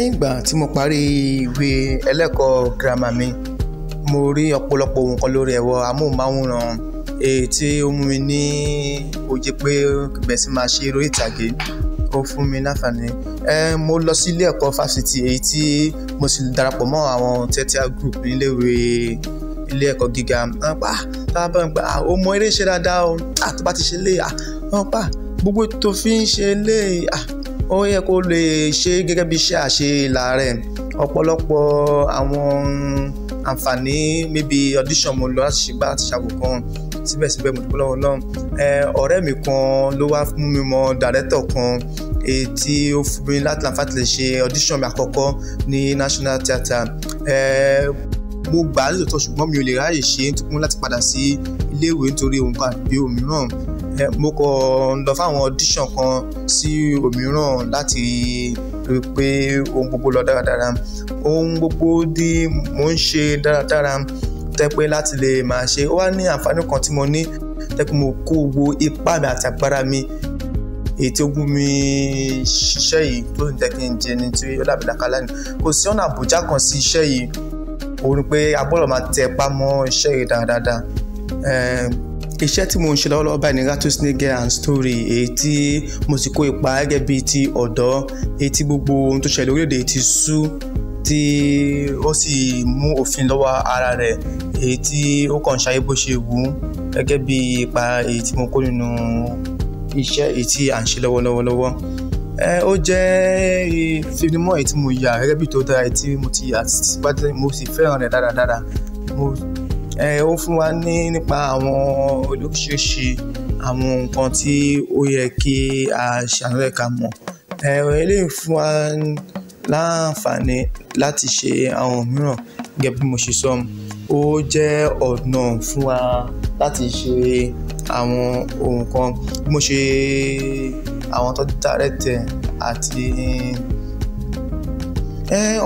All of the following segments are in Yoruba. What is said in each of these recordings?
lẹ́yìn ìgbà tí mo parí ìwé ẹlẹ́kọ̀ọ́ girama mi mo rí ọ̀pọ̀lọpọ̀ ohun kan lórí ẹ̀rọ amóhùnmáwòrán èyí tí ó mú mi ní òye pé bẹ̀ sí máa ṣe eré ìtàgé ó fún mi láǹfààní mo lọ sí ilé ẹ̀kọ́ fásitì èyí tí mo sì darapọ̀ mọ́ àwọn theatre group níléèwé ilé ẹ̀kọ́ gíga pa tá a bá ń pa ó mọ eré ṣe dáadáa o tó bá ti ṣe lé pa gbogbo tó fi ń ṣe lé ó yẹ kó lè ṣe gẹ́gẹ́ bí iṣẹ́ àṣelà rẹ̀ ọ̀pọ̀lọpọ̀ àwọn àǹfààní maybe audition mo lọ láti ṣègbà àti ṣàbùkàn síbẹ̀síbẹ̀ mo dúpẹ́ lọ́wọ́ náà ọ̀rẹ́ mi kan ló wá mú mi mọ dàrẹ́tọ̀ kan tí ó fún mi láti láǹfààní lè ṣe audition mi àkọ́kọ́ ní national theatre mo gbà á lóòótọ́ ṣùgbọ́n mi ò lè ráyè ṣe é nítorí láti padà sí iléèwé nítorí òǹkà àbí òmíràn mo kọ́ lọ fáwọn audition kan sí òmíràn láti rí i pé ohun gbogbo lọ dáradára ohun gbogbo ni mo ń ṣe dáradára tẹ́pẹ́ láti lè máa ṣe ó wá ní àǹfààní kan tí mo ní tẹ́pẹ́ mo kó wo ipá mi àti agbára mi èyí tí ó gún mi ṣiṣẹ́ yìí tó ń jẹ́ jẹ ní tí ó dàbí làkàlà ni kò sí ọ̀nà àbújá kan sí iṣẹ́ yìí òun ni pé a máa tẹ ipá mọ́ iṣẹ́ yìí dáadáa iṣẹ́ tí mo ń ṣe lọ́wọ́lọ́wọ́ báyìí ni rattlesnake and story èyí tí mo sì kó ipa gẹ́gẹ́ bíi ti ọ̀dọ́ èyí tí gbogbo ohun tó ṣẹlẹ̀ lórílẹ̀‐èdè ti sú tí ó sì mú òfin lọ́wọ́ ara rẹ̀ èyí tí ó kàn ṣayé bó ṣe wù ú gẹ́gẹ́ bíi ipa èyí tí mo kó nínú iṣẹ́ èyí tí à ń ṣe lọ́wọ́lọ́wọ́ lọ́wọ́ ó jẹ́ ìfinimọ̀ èyí tí mo yà gẹ́gẹ́ bíi tó dára èyí tí mo ti yà mo sì fẹ́ràn ó fún wa ní nípa àwọn olóṣèṣe àwọn nǹkan tí ó yẹ kí a ṣàlẹ̀ ká mọ̀ eléyìí fún wa láǹfààní láti ṣe àwọn mìíràn gẹ́gẹ́ bí mo ṣe sọ ó jẹ́ ọ̀nà fún wa láti ṣe àwọn ohun kan bí mo ṣe àwọn tó dárẹ́ tẹ̀ àti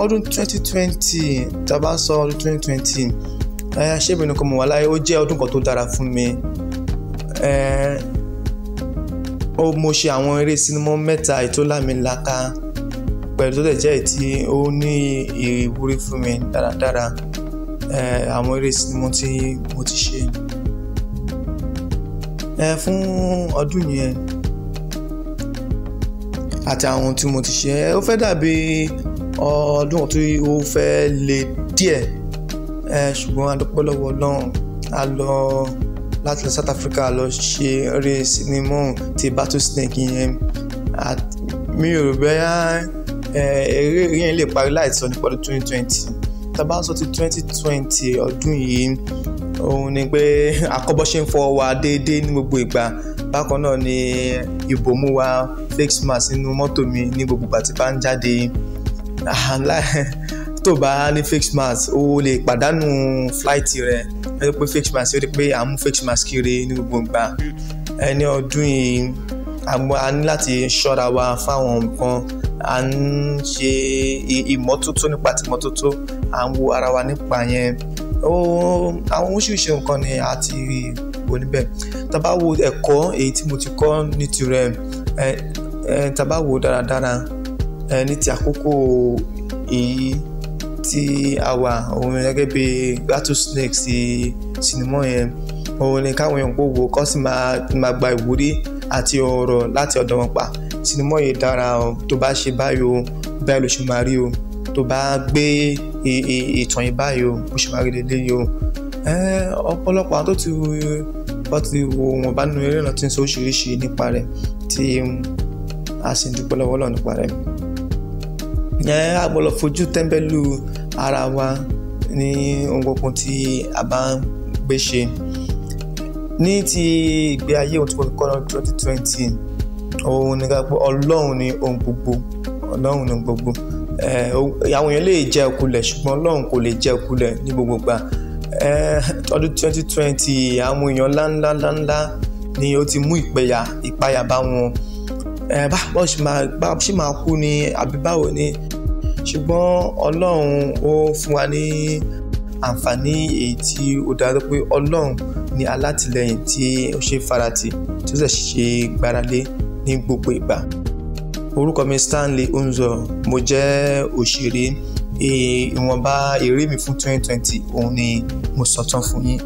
ọdún 2020 tá a bá sọ ọdún 2020 ṣé mi nìkan mo wà láyé ó jẹ́ ọdún kan tó dára fún mi ó mo ṣe àwọn eré sinimá mẹ́ta ètò lámìlaka pẹ̀lú tó dẹ̀ jẹ́ èyí tí ó ní ìwúrí fún mi dáradára àwọn eré sinimá tí mo ti ṣe fún ọdún yẹn àti àwọn tí mo ti ṣe ó fẹ́ dàbí ọdún tó ó fẹ́ le díẹ̀ ṣùgbọ́n adúpẹ́ lọ́wọ́ Ọlọ́run a lọ láti lọ South Africa lọ ṣe eré sinimá ti Battle Snake yẹn mi ò rò bẹ́yà eré yẹn lè parí láì sọ nípa ọdún twenty twenty tá a bá sọ ti twenty twenty ọdún yìí òun ni pé àkọ́bọ̀ ṣe ń fọ wa déédéé ní gbogbo ìgbà bákan náà ni ìbòmú wa flex mask nínú mọ́tò mi ní gbogbo ìgbà tí bá ń jáde tó bá ní face mask o lè pàdánù flight rẹ ẹ pé face mask ó rí pé à ń mú face mask kiri ní gbogbo ìgbà ẹ ọdún yìí a ní láti ṣọ́ra wa fáwọn nǹkan à ń ṣe ìmọ́tótó nípa tìmọ́tótó à ń wo ara wa nípa yẹn àwọn oṣìṣẹ́ nǹkan ni a ti wò níbẹ̀ tá wo ẹ̀kọ́ èyí tí mo ti kọ́ ní tirẹ̀ tá bá wo dáradára ní ti àkókò èyí tí a wà òun gẹ́gẹ́ bí Rattlesnake ti sinimá yẹn òun ni káwọn èèyàn kó wo kó sì máa gba ìwúrí àti ọ̀rọ̀ láti ọ̀dọ̀ wọn pa sinimá yìí dára o tó bá ṣe báyìí o báyìí ló ṣe máa rí o tó bá gbé ìtàn yìí báyìí o ó ṣe máa rí lélẹ́yìí o ọ̀pọ̀lọpọ̀ àwọn tó ti wọ́n ti wo wọn bá nínú eré náà ti ń sọ oríṣiríṣi nípa rẹ̀ tí a sì ń dúpẹ́ lọ́wọ́ lọ́wọ́ nípa rẹ̀ ẹ a gbọ́dọ̀ fojú tẹ́ńbẹ́lú ara wa ní ohun gbogbo tí a bá ń gbé ṣe ní ti ìgbé ayé ohun tí wọ́n fi kọ́ lọ́dún twenty twenty òun ni gbogbo ọlọ́run ni ohun gbogbo ọlọ́run ni gbogbo àwọn èèyàn lè jẹ́ ọkulẹ̀ ṣùgbọ́n ọlọ́run kò lè jẹ́ ọkulẹ̀ ní gbogbo gbà ọdún twenty twenty àwọn èèyàn ńláńláńláńlá ni ó ti mú ìpẹ̀yà ìpayà bá wọn báwo ṣe máa báwo ṣe máa kú ni àbí báwo ni ṣùgbọ́n ọlọ́run ó fún wa ní àǹfààní èyí tí ó dára pé ọlọ́run ní alátìlẹyìn tí ó ṣe farati tí ó sì ṣe gbáralé ní gbogbo ìgbà orúkọ mi Stanley Nzo mo jẹ́ òṣèré ìwọ̀nba eré mi fún 2020 òun ni mo sọ tán fún yín.